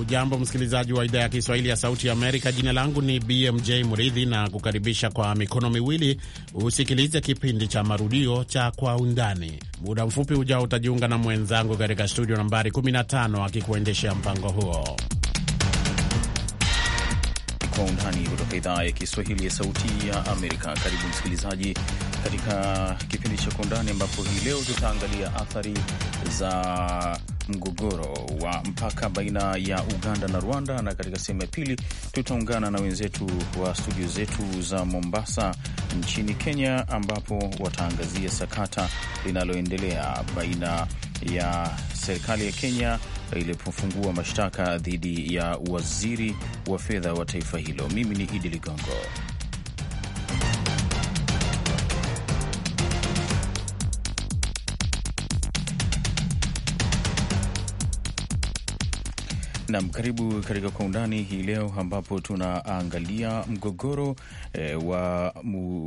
ujambo msikilizaji wa idhaa ya Kiswahili ya Sauti ya Amerika. Jina langu ni BMJ Mridhi na kukaribisha kwa mikono miwili usikilize kipindi cha marudio cha Kwa Undani. Muda mfupi ujao utajiunga na mwenzangu katika studio nambari 15 akikuendeshea mpango huo. Kwa Undani kutoka idhaa ya Kiswahili ya Sauti ya Amerika. Karibu msikilizaji katika kipindi cha Kwa Undani ambapo hii leo tutaangalia athari za mgogoro wa mpaka baina ya Uganda na Rwanda, na katika sehemu ya pili tutaungana na wenzetu wa studio zetu za Mombasa nchini Kenya, ambapo wataangazia sakata linaloendelea baina ya serikali ya Kenya ilipofungua mashtaka dhidi ya waziri wa fedha wa taifa hilo. Mimi ni Idi Ligongo. Nam, karibu katika Kwa Undani hii leo ambapo tunaangalia mgogoro e, wa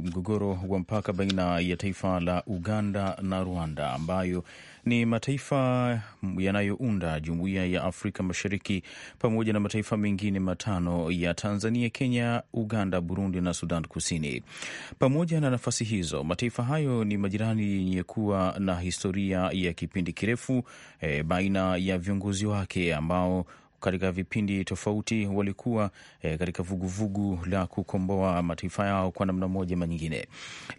mgogoro wa mpaka baina ya taifa la Uganda na Rwanda ambayo ni mataifa yanayounda Jumuiya ya Afrika Mashariki pamoja na mataifa mengine matano ya Tanzania, Kenya, Uganda, Burundi na Sudan Kusini. Pamoja na nafasi hizo, mataifa hayo ni majirani yenye kuwa na historia ya kipindi kirefu e, baina ya viongozi wake ambao katika vipindi tofauti walikuwa e, katika vuguvugu la kukomboa mataifa yao kwa namna moja ama nyingine,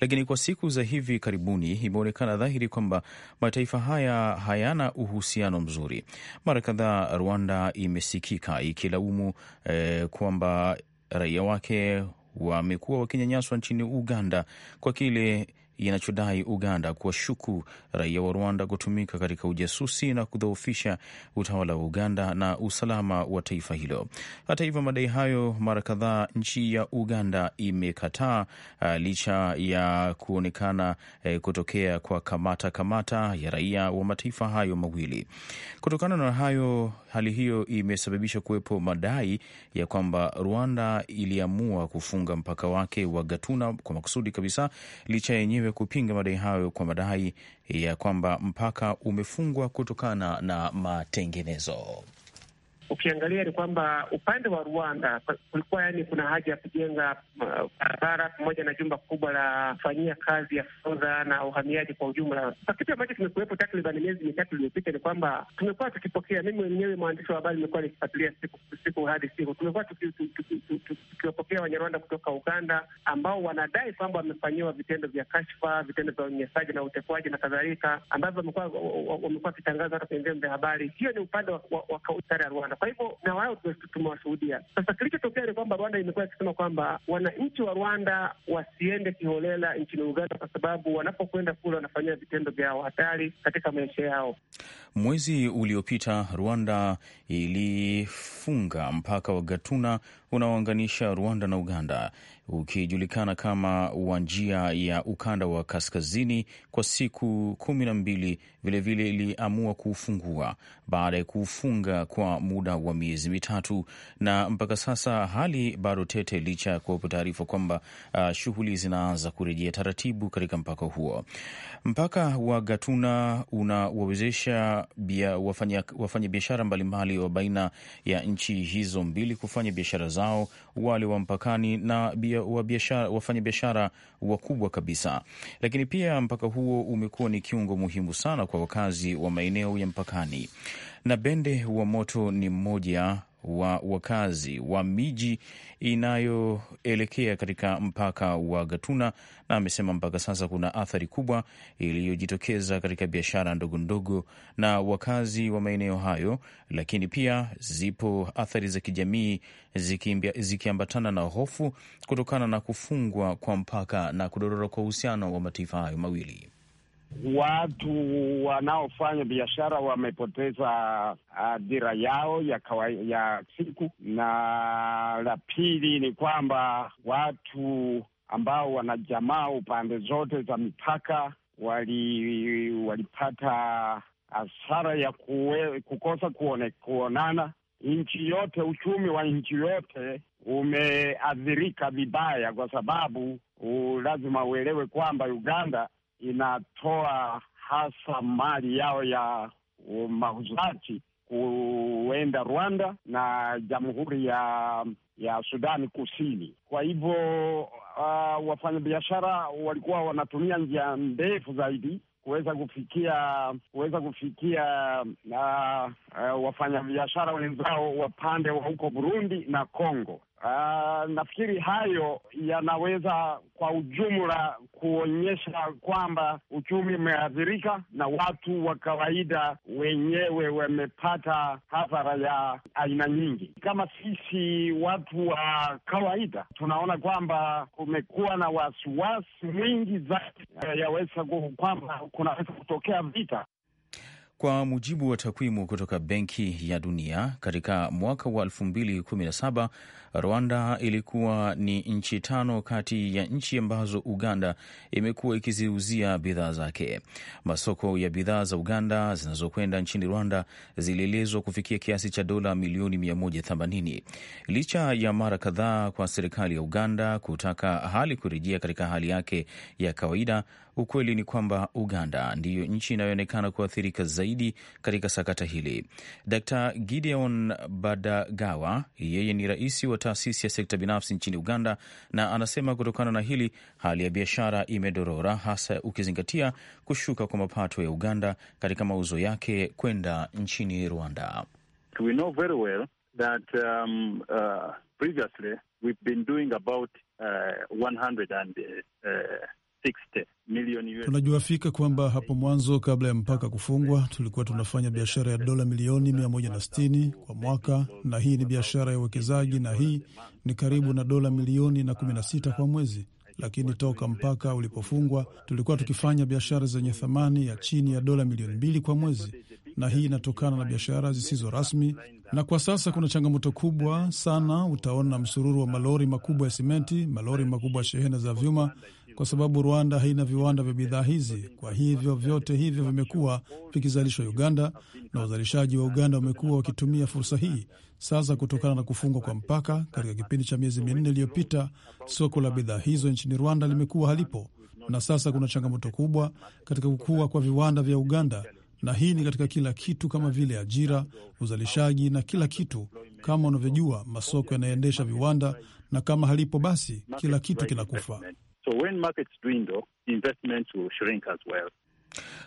lakini kwa siku za hivi karibuni imeonekana dhahiri kwamba mataifa haya hayana uhusiano mzuri. Mara kadhaa Rwanda imesikika ikilaumu e, kwamba raia wake wamekuwa wakinyanyaswa nchini Uganda kwa kile inachodai Uganda kuwashuku raia wa Rwanda kutumika katika ujasusi na kudhoofisha utawala wa Uganda na usalama wa taifa hilo. Hata hivyo, madai hayo mara kadhaa nchi ya Uganda imekataa, ah, licha ya kuonekana uh, kutokea kwa kamata kamata ya raia wa mataifa hayo mawili. Kutokana na hayo Hali hiyo imesababisha kuwepo madai ya kwamba Rwanda iliamua kufunga mpaka wake wa Gatuna kwa makusudi kabisa, licha yenyewe kupinga madai hayo kwa madai ya kwamba mpaka umefungwa kutokana na matengenezo ukiangalia ni kwamba upande wa Rwanda kulikuwa yani, kuna haja ya kujenga uh, barabara pamoja na jumba kubwa la kufanyia kazi ya forodha na uhamiaji kwa ujumla. Sasa kitu ambacho kimekuwepo takriban miezi mitatu iliyopita ni kwamba tumekuwa tukipokea, mimi mwenyewe mwandishi wa habari nimekuwa nikifuatilia siku siku hadi siku, tumekuwa tukiwapokea Wanyarwanda kutoka Uganda ambao wanadai kwamba wamefanyiwa vitendo vya kashfa, vitendo vya unyanyasaji na utekwaji na kadhalika, ambavyo wamekuwa wakitangaza hata kwenye vyombo vya habari. Hiyo ni upande wa serikali ya Rwanda. Rwanda. Kwa hivyo na wao tumewashuhudia. Sasa kilichotokea ni kwamba Rwanda imekuwa ikisema kwamba wananchi wa Rwanda wasiende kiholela nchini Uganda, kwa sababu wanapokwenda kule wanafanyia vitendo vya hatari katika maisha yao. Mwezi uliopita Rwanda ilifunga mpaka wa Gatuna unaounganisha Rwanda na Uganda ukijulikana kama wa njia ya ukanda wa kaskazini kwa siku kumi na mbili, vilevile iliamua kuufungua baada ya kuufunga kwa muda wa miezi mitatu, na mpaka sasa hali bado tete, licha ya kuwepo taarifa kwamba uh, shughuli zinaanza kurejea taratibu katika mpaka huo. Mpaka wa Gatuna unawawezesha wafanyabiashara mbalimbali wa baina ya nchi hizo mbili kufanya biashara zao, wale wa mpakani na bia wafanyabiashara wakubwa kabisa, lakini pia mpaka huo umekuwa ni kiungo muhimu sana kwa wakazi wa maeneo ya mpakani. Na Bende wa Moto ni mmoja wa wakazi wa miji inayoelekea katika mpaka wa Gatuna, na amesema mpaka sasa kuna athari kubwa iliyojitokeza katika biashara ndogo ndogo na wakazi wa maeneo hayo, lakini pia zipo athari za kijamii zikiambatana ziki na hofu kutokana na kufungwa kwa mpaka na kudorora kwa uhusiano wa mataifa hayo mawili watu wanaofanya biashara wamepoteza ah, dira yao ya kawa, ya siku, na la pili ni kwamba watu ambao wana jamaa upande zote za mipaka wali walipata hasara ya kuwe, kukosa kuone, kuonana. Nchi yote, uchumi wa nchi yote umeathirika vibaya, kwa sababu lazima uelewe kwamba Uganda inatoa hasa mali yao ya mahuzati kuenda Rwanda na Jamhuri ya ya Sudani Kusini. Kwa hivyo uh, wafanyabiashara walikuwa wanatumia njia ndefu zaidi kuweza kufikia kuweza kufikia uh, uh, wafanyabiashara wenzao wapande wa huko Burundi na congo Uh, nafikiri hayo yanaweza kwa ujumla kuonyesha kwamba uchumi umeathirika na watu wa kawaida wenyewe wamepata hadhara ya aina nyingi. Kama sisi watu wa kawaida tunaona kwamba kumekuwa na wasiwasi mwingi zaidi, eh, yaweza kwamba kunaweza kutokea vita kwa mujibu wa takwimu kutoka Benki ya Dunia, katika mwaka wa 2017 Rwanda ilikuwa ni nchi tano kati ya nchi ambazo Uganda imekuwa ikiziuzia bidhaa zake. Masoko ya bidhaa za Uganda zinazokwenda nchini Rwanda zilielezwa kufikia kiasi cha dola milioni 180, licha ya mara kadhaa kwa serikali ya Uganda kutaka hali kurejea katika hali yake ya kawaida. Ukweli ni kwamba Uganda ndiyo nchi inayoonekana kuathirika zaidi katika sakata hili. Dkt Gideon Badagawa, yeye ni rais wa taasisi ya sekta binafsi nchini Uganda, na anasema kutokana na hili hali ya biashara imedorora, hasa ukizingatia kushuka kwa mapato ya Uganda katika mauzo yake kwenda nchini Rwanda. We know very well that, um, uh, previously we've been doing about, uh, 100 and, uh, Tunajua fika kwamba hapo mwanzo kabla ya mpaka kufungwa tulikuwa tunafanya biashara ya dola milioni 160 kwa mwaka, na hii ni biashara ya uwekezaji, na hii ni karibu na dola milioni na 16 kwa mwezi. Lakini toka mpaka ulipofungwa tulikuwa tukifanya biashara zenye thamani ya chini ya dola milioni mbili kwa mwezi, na hii inatokana na biashara zisizo rasmi. Na kwa sasa kuna changamoto kubwa sana. Utaona msururu wa malori makubwa ya simenti, malori makubwa ya shehena za vyuma kwa sababu Rwanda haina viwanda vya bidhaa hizi. Kwa hivyo vyote hivyo vimekuwa vikizalishwa Uganda na wazalishaji wa Uganda wamekuwa wakitumia fursa hii. Sasa kutokana na kufungwa kwa mpaka katika kipindi cha miezi minne iliyopita, soko la bidhaa hizo nchini Rwanda limekuwa halipo, na sasa kuna changamoto kubwa katika kukua kwa viwanda vya Uganda, na hii ni katika kila kitu kama vile ajira, uzalishaji na kila kitu. Kama unavyojua, masoko yanaendesha viwanda, na kama halipo, basi kila kitu kinakufa. So when markets dwindle, investments will shrink as well.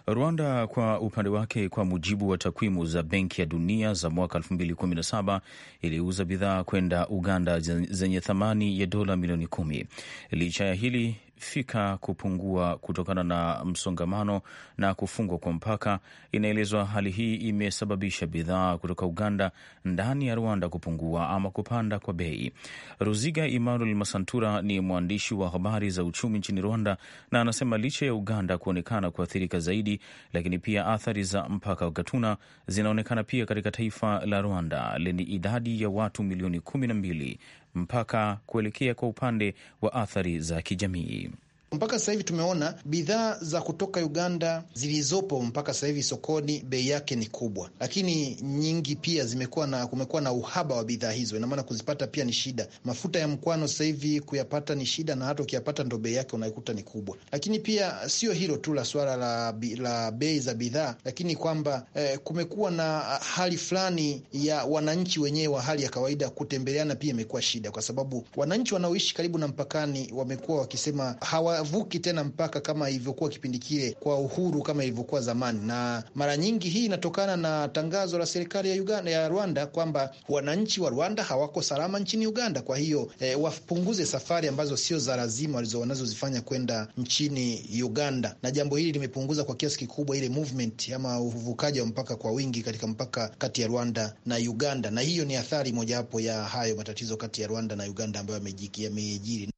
Rwanda kwa upande wake, kwa mujibu wa takwimu za Benki ya Dunia za mwaka 2017 iliuza bidhaa kwenda Uganda zenye thamani ya dola milioni kumi. Licha ya hili fika kupungua kutokana na msongamano na kufungwa kwa mpaka. Inaelezwa hali hii imesababisha bidhaa kutoka Uganda ndani ya Rwanda kupungua ama kupanda kwa bei. Ruziga Emmanuel Masantura ni mwandishi wa habari za uchumi nchini Rwanda na anasema licha ya Uganda kuonekana kuathirika zaidi, lakini pia athari za mpaka wa Gatuna zinaonekana pia katika taifa la Rwanda lenye idadi ya watu milioni kumi na mbili mpaka kuelekea kwa upande wa athari za kijamii. Mpaka sasa hivi tumeona bidhaa za kutoka Uganda zilizopo mpaka sasa hivi sokoni bei yake ni kubwa, lakini nyingi pia zimekuwa na kumekuwa na uhaba wa bidhaa hizo, ina maana kuzipata pia ni shida. Mafuta ya mkwano sasa hivi kuyapata ni shida, na hata ukiyapata ndo bei yake unaikuta ni kubwa. Lakini pia sio hilo tu la swala la, la bei za bidhaa, lakini kwamba eh, kumekuwa na hali fulani ya wananchi wenyewe wa hali ya kawaida kutembeleana, pia imekuwa shida, kwa sababu wananchi wanaoishi karibu na mpakani wamekuwa wakisema hawa havuki tena mpaka kama ilivyokuwa kipindi kile kwa uhuru kama ilivyokuwa zamani, na mara nyingi hii inatokana na tangazo la serikali ya Uganda, ya Rwanda kwamba wananchi wa Rwanda hawako salama nchini Uganda. Kwa hiyo e, wapunguze safari ambazo sio za lazima wanazozifanya kwenda nchini Uganda, na jambo hili limepunguza kwa kiasi kikubwa ile movement ama uvukaji wa mpaka kwa wingi katika mpaka kati ya Rwanda na Uganda, na hiyo ni athari mojawapo ya hayo matatizo kati ya Rwanda na Uganda ambayo yamejiri.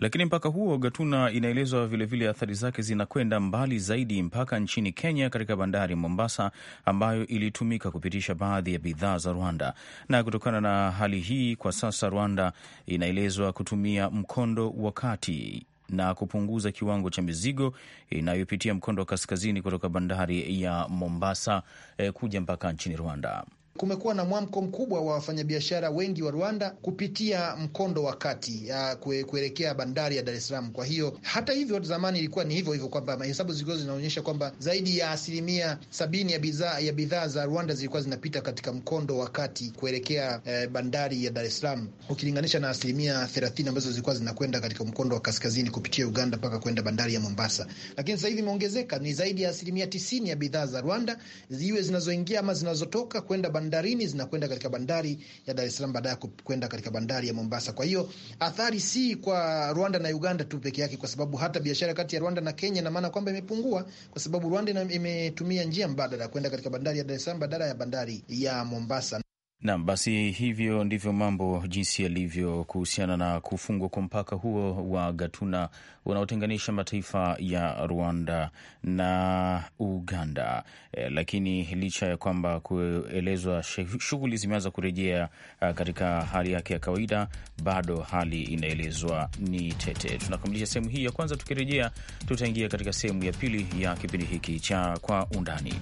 Lakini mpaka huo Gatuna inaelezwa vilevile athari zake zinakwenda mbali zaidi mpaka nchini Kenya, katika bandari Mombasa ambayo ilitumika kupitisha baadhi ya bidhaa za Rwanda. Na kutokana na hali hii, kwa sasa Rwanda inaelezwa kutumia mkondo wa kati na kupunguza kiwango cha mizigo inayopitia mkondo wa kaskazini kutoka bandari ya Mombasa eh, kuja mpaka nchini Rwanda. Kumekuwa na mwamko mkubwa wa wafanyabiashara wengi wa Rwanda kupitia mkondo wa kati kue, kuelekea bandari ya Dar es Salaam. Kwa hiyo hata hivyo, zamani ilikuwa ni hivyo hivyo kwamba hesabu zilikuwa zinaonyesha kwamba zaidi ya asilimia sabini ya bidhaa ya bidhaa za Rwanda zilikuwa zinapita katika mkondo wa kati kuelekea eh, bandari ya Dar es Salaam ukilinganisha na asilimia thelathini ambazo zilikuwa zinakwenda katika mkondo wa kaskazini kupitia Uganda mpaka kwenda bandari ya Mombasa. Lakini sasa hivi imeongezeka, ni zaidi ya asilimia tisini ya bidhaa za Rwanda ziwe zinazoingia ama zinazotoka kwenda bandari bandarini zinakwenda katika bandari ya Dar es Salaam, baadaye kwenda katika bandari ya Mombasa. Kwa hiyo athari si kwa Rwanda na Uganda tu peke yake, kwa sababu hata biashara kati ya Rwanda na Kenya na maana kwamba imepungua, kwa sababu Rwanda imetumia njia mbadala ya kwenda katika bandari ya Dar es Salaam badala ya bandari ya Mombasa. Nam, basi hivyo ndivyo mambo jinsi yalivyo kuhusiana na kufungwa kwa mpaka huo wa Gatuna unaotenganisha mataifa ya Rwanda na Uganda. E, lakini licha ya kwamba kuelezwa shughuli zimeanza kurejea katika hali yake ya kawaida, bado hali inaelezwa ni tete. Tunakamilisha sehemu hii ya kwanza, tukirejea tutaingia katika sehemu ya pili ya kipindi hiki cha Kwa Undani.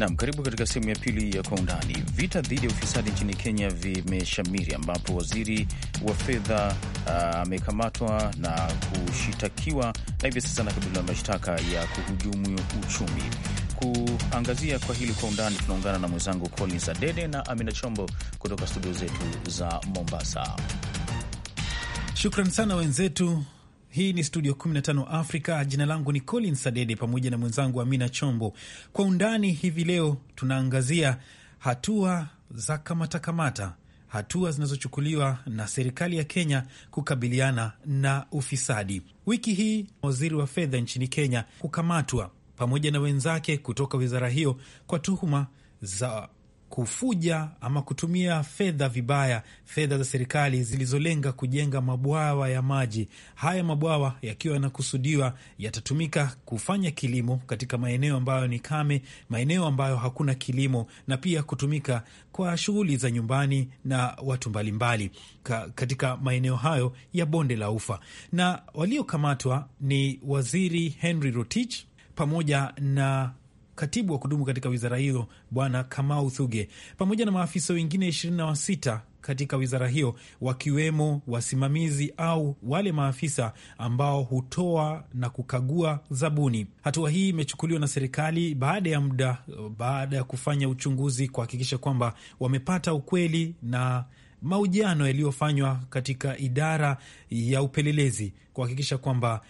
Nam, karibu katika sehemu ya pili ya kwa undani. Vita dhidi ya ufisadi nchini Kenya vimeshamiri ambapo waziri wa fedha ah, amekamatwa uh, na kushitakiwa na hivi sasa anakabiliwa na mashtaka ya kuhujumu uchumi. Kuangazia kwa hili kwa undani, tunaungana na mwenzangu Collins Adede na Amina Chombo kutoka studio zetu za Mombasa. Shukran sana wenzetu hii ni Studio 15 Africa. Jina langu ni Colin Sadede pamoja na mwenzangu Amina Chombo. Kwa undani hivi leo tunaangazia hatua za kamatakamata, hatua zinazochukuliwa na serikali ya Kenya kukabiliana na ufisadi. Wiki hii waziri wa fedha nchini Kenya kukamatwa pamoja na wenzake kutoka wizara hiyo kwa tuhuma za kufuja ama kutumia fedha vibaya, fedha za serikali zilizolenga kujenga mabwawa ya maji. Haya mabwawa yakiwa yanakusudiwa yatatumika kufanya kilimo katika maeneo ambayo ni kame, maeneo ambayo hakuna kilimo, na pia kutumika kwa shughuli za nyumbani na watu mbalimbali mbali, katika maeneo hayo ya bonde la Ufa. Na waliokamatwa ni waziri Henry Rotich pamoja na katibu wa kudumu katika wizara hiyo Bwana Kamau Thuge pamoja na maafisa wengine ishirini na sita katika wizara hiyo wakiwemo wasimamizi au wale maafisa ambao hutoa na kukagua zabuni. Hatua hii imechukuliwa na serikali baada ya muda, baada ya kufanya uchunguzi kuhakikisha kwamba wamepata ukweli na mahojiano yaliyofanywa katika idara ya upelelezi kuhakikisha kwamba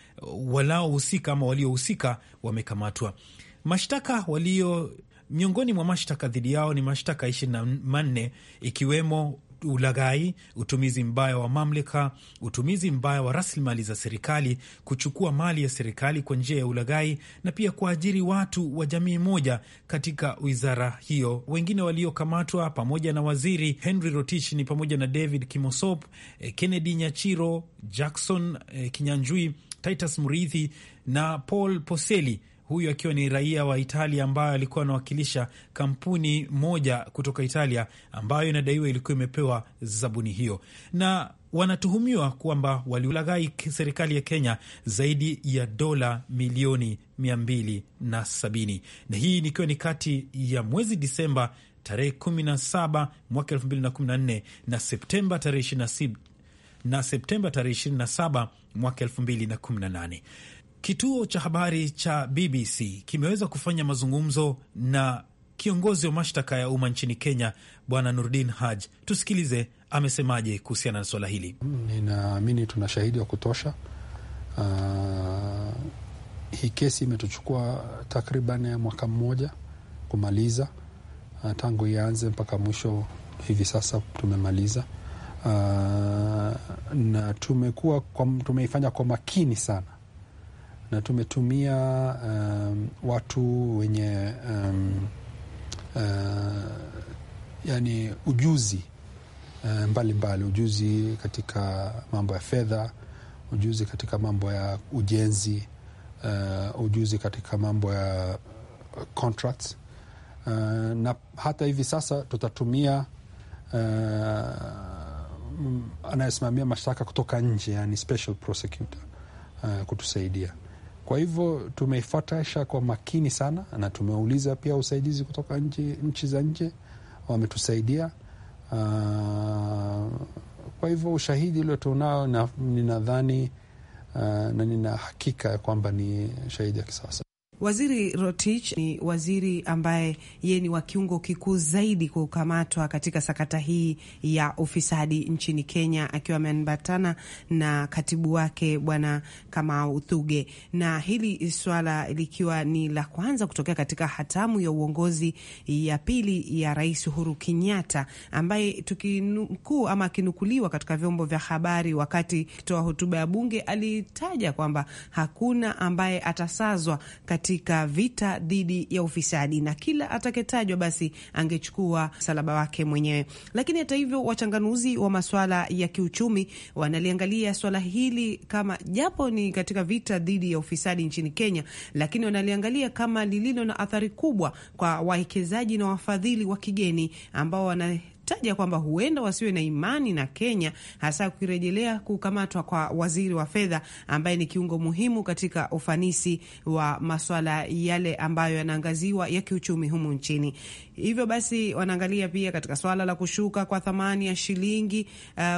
walaohusika ama waliohusika wamekamatwa mashtaka walio miongoni mwa mashtaka dhidi yao ni mashtaka ishirini na manne ikiwemo ulaghai, utumizi mbaya wa mamlaka, utumizi mbaya wa rasilimali za serikali, kuchukua mali ya serikali kwa njia ya ulaghai, na pia kuajiri watu wa jamii moja katika wizara hiyo. Wengine waliokamatwa pamoja na waziri Henry Rotich ni pamoja na David Kimosop, eh, Kennedy Nyachiro, Jackson eh, Kinyanjui, Titus Muriithi na Paul Poseli huyu akiwa ni raia wa Italia ambayo alikuwa anawakilisha kampuni moja kutoka Italia ambayo inadaiwa ilikuwa imepewa zabuni hiyo na wanatuhumiwa kwamba waliulaghai serikali ya Kenya zaidi ya dola milioni 270 na hii ikiwa ni kati ya mwezi Disemba tarehe 17 mwaka 2014 na Septemba tarehe 27 mwaka 2018. Kituo cha habari cha BBC kimeweza kufanya mazungumzo na kiongozi wa mashtaka ya umma nchini Kenya, Bwana Nurdin haj Tusikilize amesemaje kuhusiana na swala hili. Ninaamini tuna shahidi wa kutosha. Uh, hii kesi imetuchukua takriban mwaka mmoja kumaliza, uh, tangu ianze mpaka mwisho, hivi sasa tumemaliza. Uh, na tumekuwa tumeifanya kwa makini sana na tumetumia um, watu wenye um, uh, yani ujuzi uh, mbalimbali uh, mbali, ujuzi katika mambo ya fedha, ujuzi katika mambo ya ujenzi uh, ujuzi katika mambo ya contracts uh, na hata hivi sasa tutatumia uh, anayesimamia mashtaka kutoka nje, yani special prosecutor uh, kutusaidia. Kwa hivyo tumeifuatasha kwa makini sana, na tumeuliza pia usaidizi kutoka nchi, nchi za nje wametusaidia. Ah, kwa hivyo ushahidi ulio tunao ninadhani ah, na nina hakika ya kwamba ni shahidi ya kisasa. Waziri Rotich ni waziri ambaye ye ni wa kiungo kikuu zaidi kukamatwa katika sakata hii ya ufisadi nchini Kenya, akiwa ameambatana na katibu wake Bwana Kamau Thuge, na hili swala likiwa ni la kwanza kutokea katika hatamu ya uongozi ya pili ya Rais Uhuru Kenyatta, ambaye tukinukuu ama akinukuliwa katika vyombo vya habari wakati toa hotuba ya bunge alitaja kwamba hakuna ambaye atasazwa katika katika vita dhidi ya ufisadi, na kila ataketajwa basi angechukua msalaba wake mwenyewe. Lakini hata hivyo, wachanganuzi wa maswala ya kiuchumi wanaliangalia swala hili kama, japo ni katika vita dhidi ya ufisadi nchini Kenya, lakini wanaliangalia kama lililo na athari kubwa kwa wawekezaji na wafadhili wa kigeni ambao wana akitaja kwamba huenda wasiwe na imani na Kenya, hasa kukirejelea kukamatwa kwa waziri wa fedha ambaye ni kiungo muhimu katika ufanisi wa maswala yale ambayo yanaangaziwa ya kiuchumi humu nchini. Hivyo basi wanaangalia pia katika swala la kushuka kwa thamani ya shilingi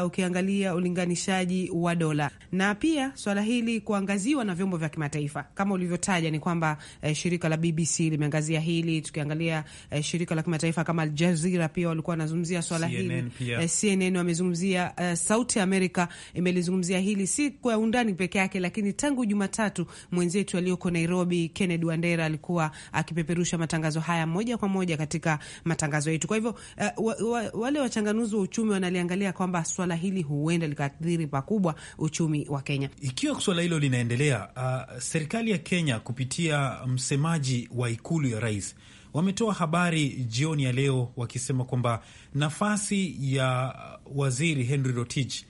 uh, ukiangalia ulinganishaji wa dola na pia swala hili kuangaziwa na vyombo vya kimataifa kama ulivyotaja, ni kwamba eh, shirika la BBC limeangazia hili, tukiangalia eh, shirika la kimataifa kama Aljazira pia walikuwa wanazungumzia Eh, wamezungumzia swala hili CNN wamezungumzia uh, Sauti ya Amerika imelizungumzia hili si kwa undani peke yake, lakini tangu Jumatatu mwenzetu aliyoko Nairobi Kennedy Wandera alikuwa akipeperusha matangazo haya moja kwa moja katika matangazo yetu. Kwa hivyo uh, wa, wa, wale wachanganuzi wa uchumi wanaliangalia kwamba swala hili huenda likaathiri pakubwa uchumi wa Kenya ikiwa swala hilo linaendelea. Uh, serikali ya Kenya kupitia msemaji wa ikulu ya rais wametoa habari jioni ya leo wakisema kwamba nafasi ya waziri Henry Rotich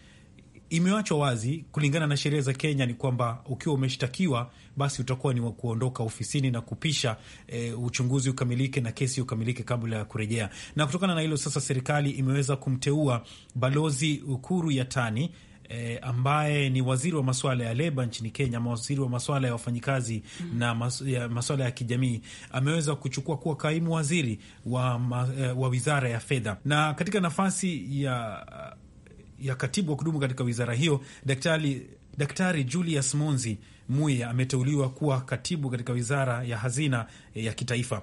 imewachwa wazi kulingana na sheria za Kenya. Ni kwamba ukiwa umeshtakiwa basi utakuwa ni wa kuondoka ofisini na kupisha e, uchunguzi ukamilike na kesi ukamilike kabla ya kurejea. Na kutokana na hilo sasa, serikali imeweza kumteua balozi Ukuru Yatani eh, ambaye ni waziri wa masuala ya leba nchini Kenya, waziri wa masuala ya wafanyikazi mm -hmm. na mas, ya, masuala ya kijamii, ameweza kuchukua kuwa kaimu waziri wa, ma, eh, wa wizara ya fedha na katika nafasi ya, ya katibu wa kudumu katika wizara hiyo daktari, Daktari Julius Munzi Muya ameteuliwa kuwa katibu katika wizara ya hazina ya kitaifa.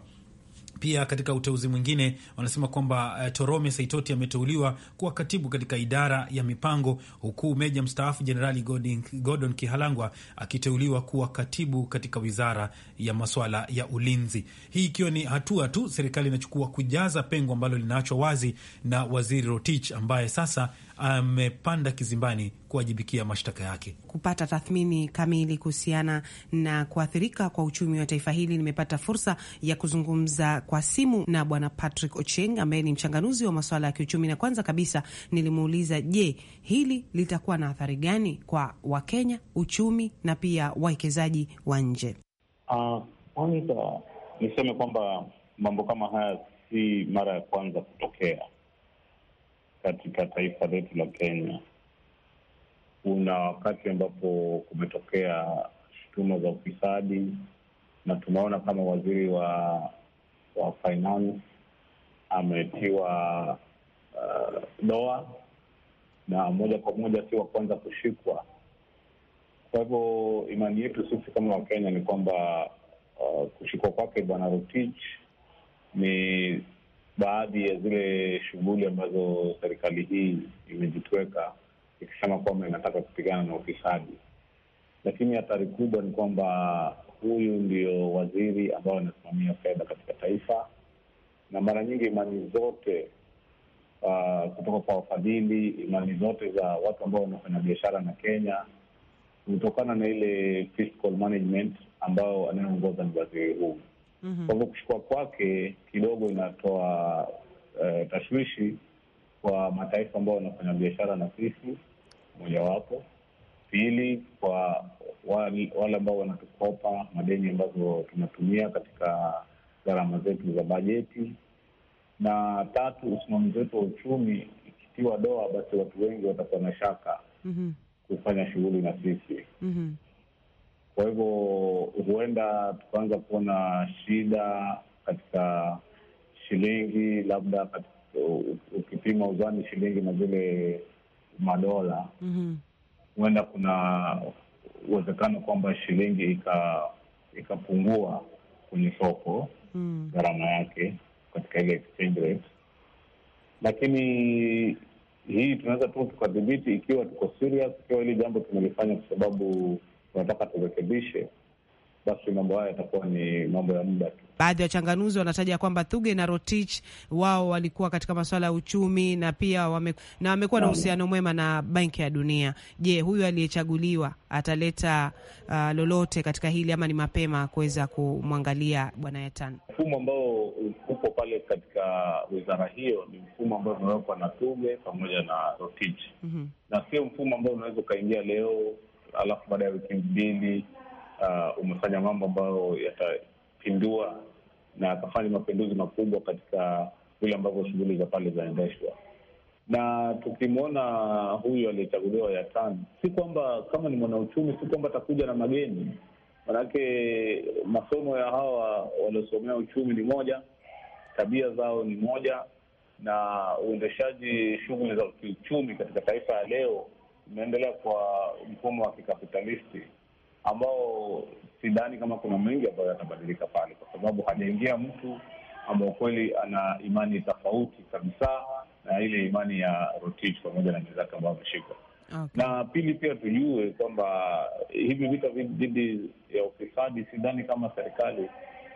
Pia katika uteuzi mwingine wanasema kwamba uh, Torome Saitoti ameteuliwa kuwa katibu katika idara ya mipango, huku meja mstaafu Jenerali Gordon, Gordon Kihalangwa akiteuliwa kuwa katibu katika wizara ya maswala ya ulinzi. Hii ikiwa ni hatua tu serikali inachukua kujaza pengo ambalo linaachwa wazi na waziri Rotich ambaye sasa amepanda kizimbani kuwajibikia mashtaka yake. Kupata tathmini kamili kuhusiana na kuathirika kwa uchumi wa taifa hili, nimepata fursa ya kuzungumza kwa simu na Bwana Patrick Ocheng ambaye ni mchanganuzi wa masuala ya kiuchumi, na kwanza kabisa nilimuuliza, je, hili litakuwa na athari gani kwa Wakenya, uchumi na pia wawekezaji wa nje? Uh, kwanza niseme kwamba mambo kama haya si mara ya kwanza kutokea katika taifa letu la Kenya. Kuna wakati ambapo kumetokea shutuma za ufisadi, na tumeona kama waziri wa wa finance ametiwa uh, doa na moja kwa moja si wa kwanza kushikwa. Kwa hivyo imani yetu sisi kama Wakenya ni kwamba uh, kushikwa kwake Bwana Rotich ni baadhi ya zile shughuli ambazo serikali hii imejitweka ikisema kwamba inataka kupigana na ufisadi, lakini hatari kubwa ni kwamba huyu ndio waziri ambao anasimamia fedha katika taifa, na mara nyingi imani zote uh, kutoka kwa wafadhili, imani zote za watu ambao wanafanya biashara na Kenya hutokana na ile fiscal management ambayo anayeongoza ni waziri huu. Mm-hmm. kuchukua kwake kidogo inatoa uh, tashwishi kwa mataifa ambayo wanafanya biashara na sisi mojawapo. Pili, kwa wale ambao wanatukopa madeni ambazo tunatumia katika gharama zetu za bajeti, na tatu, usimamizi wetu wa uchumi ikitiwa doa, basi watu wengi watakuwa na shaka mm -hmm. kufanya shughuli na sisi mm -hmm. Kwa hivyo huenda tukaanza kuona shida katika shilingi, labda ukipima uzani shilingi na zile madola mm-hmm. huenda mm -hmm. kuna uwezekano kwamba shilingi ikapungua ika kwenye soko mm. gharama yake katika ile exchange rate, lakini hii tunaweza tu tukadhibiti ikiwa tuko serious, ikiwa hili jambo tumelifanya kwa sababu tunataka turekebishe, basi mambo haya yatakuwa ni mambo ya muda tu. Baadhi ya wachanganuzi wanataja kwamba Thuge na Rotich wao walikuwa katika masuala ya uchumi na pia wame, na wamekuwa na uhusiano mwema na Benki ya Dunia. Je, huyu aliyechaguliwa ataleta uh, lolote katika hili ama ni mapema kuweza kumwangalia Bwana yatan Mfumo ambao upo pale katika wizara hiyo ni mfumo ambao umewekwa na Thuge pamoja na Rotich mm -hmm. na sio mfumo ambao unaweza ukaingia leo alafu baada ya wiki mbili uh, umefanya mambo ambayo yatapindua na akafanya mapinduzi makubwa katika vile ambavyo shughuli za pale zinaendeshwa. Na tukimwona huyu aliyechaguliwa tano, si kwamba kama ni mwanauchumi, si kwamba atakuja na mageni, manake masomo ya hawa waliosomea uchumi ni moja, tabia zao ni moja, na uendeshaji shughuli za kiuchumi katika taifa ya leo unaendelea kwa mfumo wa kikapitalisti ambao sidhani kama kuna mengi ambayo yatabadilika pale, kwa sababu hajaingia mtu ambao kweli ana imani tofauti kabisa na ile imani ya Rotich pamoja na wenzake ambao wameshika. Okay. Na pili pia tujue kwamba hivi vita dhidi ya ufisadi, sidhani kama serikali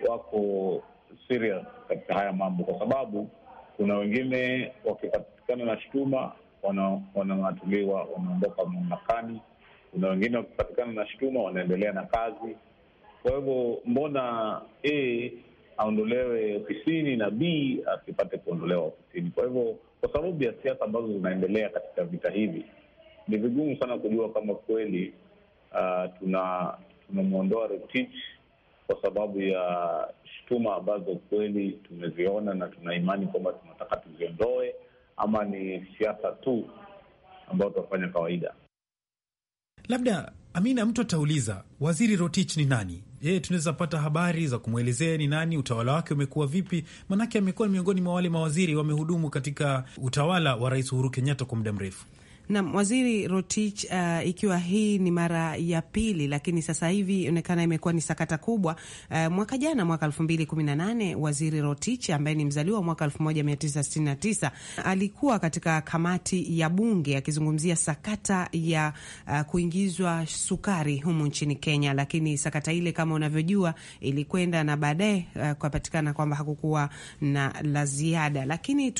wako serious katika haya mambo, kwa sababu kuna wengine wakipatikana na shutuma wanaatuliwa wanaondoka mamlakani. Kuna wengine wakipatikana na shutuma wanaendelea na kazi. Kwa hivyo, mbona A aondolewe ofisini na B asipate kuondolewa ofisini? Kwa hivyo, kwa sababu ya siasa ambazo zinaendelea katika vita hivi, ni vigumu sana kujua kama kweli uh, tuna tunamwondoa Rotich kwa sababu ya shutuma ambazo kweli tumeziona na tuna imani kwamba tunataka tuziondoe ama ni siasa tu ambayo tunafanya kawaida. Labda Amina, mtu atauliza waziri Rotich ni nani? yeye tunaweza pata habari za kumwelezea ni nani? Utawala wake umekuwa vipi? Maanake amekuwa miongoni mwa wale mawaziri wamehudumu katika utawala wa Rais Uhuru Kenyatta kwa muda mrefu. Nam Waziri Rotich, uh, ikiwa hii ni mara ya pili, lakini sasa hivi inaonekana imekuwa ni sakata kubwa. Uh, mwaka jana, mwaka elfu mbili kumi na nane, Waziri Rotich ambaye ni mzaliwa mwaka elfu moja mia tisa sitini na tisa alikuwa katika kamati ya bunge akizungumzia sakata ya uh, kuingizwa sukari humu nchini Kenya, lakini sakata ile kama unavyojua ilikwenda na baadaye uh, kupatikana kwamba hakukuwa na la ziada, lakini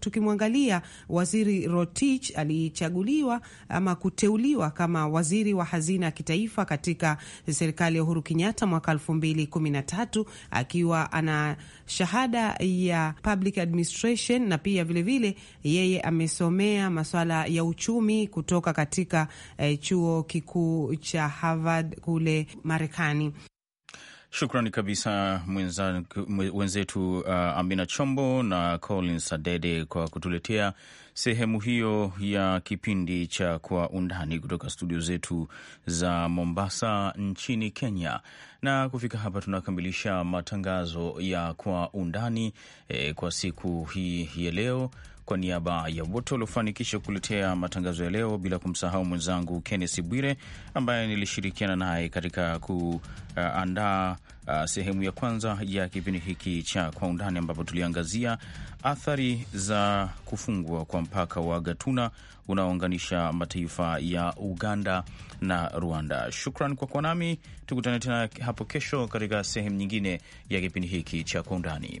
tukimwangalia Waziri Rotich ali alichaguliwa ama kuteuliwa kama waziri wa hazina ya kitaifa katika serikali ya Uhuru Kenyatta mwaka elfu mbili kumi na tatu akiwa ana shahada ya public administration na pia vilevile vile, yeye amesomea masuala ya uchumi kutoka katika eh, chuo kikuu cha Harvard kule Marekani. Shukrani kabisa mwenzetu wenzetu uh, Amina Chombo na Colin Sadede kwa kutuletea sehemu hiyo ya kipindi cha Kwa Undani kutoka studio zetu za Mombasa nchini Kenya. Na kufika hapa tunakamilisha matangazo ya Kwa Undani eh, kwa siku hii ya leo kwa niaba ya wote waliofanikisha kukuletea matangazo ya leo, bila kumsahau mwenzangu Kennes Bwire ambaye nilishirikiana naye katika kuandaa uh, sehemu ya kwanza ya kipindi hiki cha Kwa Undani, ambapo tuliangazia athari za kufungwa kwa mpaka wa Gatuna unaounganisha mataifa ya Uganda na Rwanda. Shukran kwa kuwa nami, tukutane tena hapo kesho katika sehemu nyingine ya kipindi hiki cha Kwa Undani.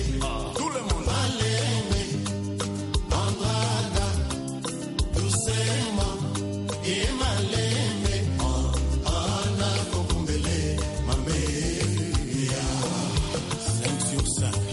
sir.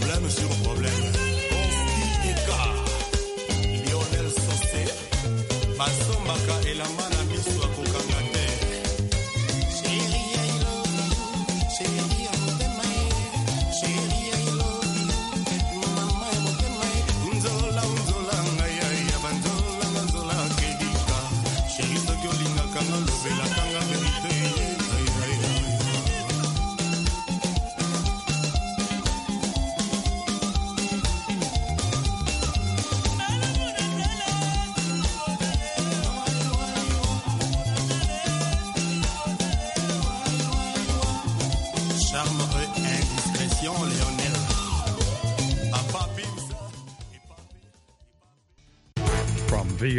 Problème sur problème. Confi Lionel Sosé, Bassombaka et la Manabiso.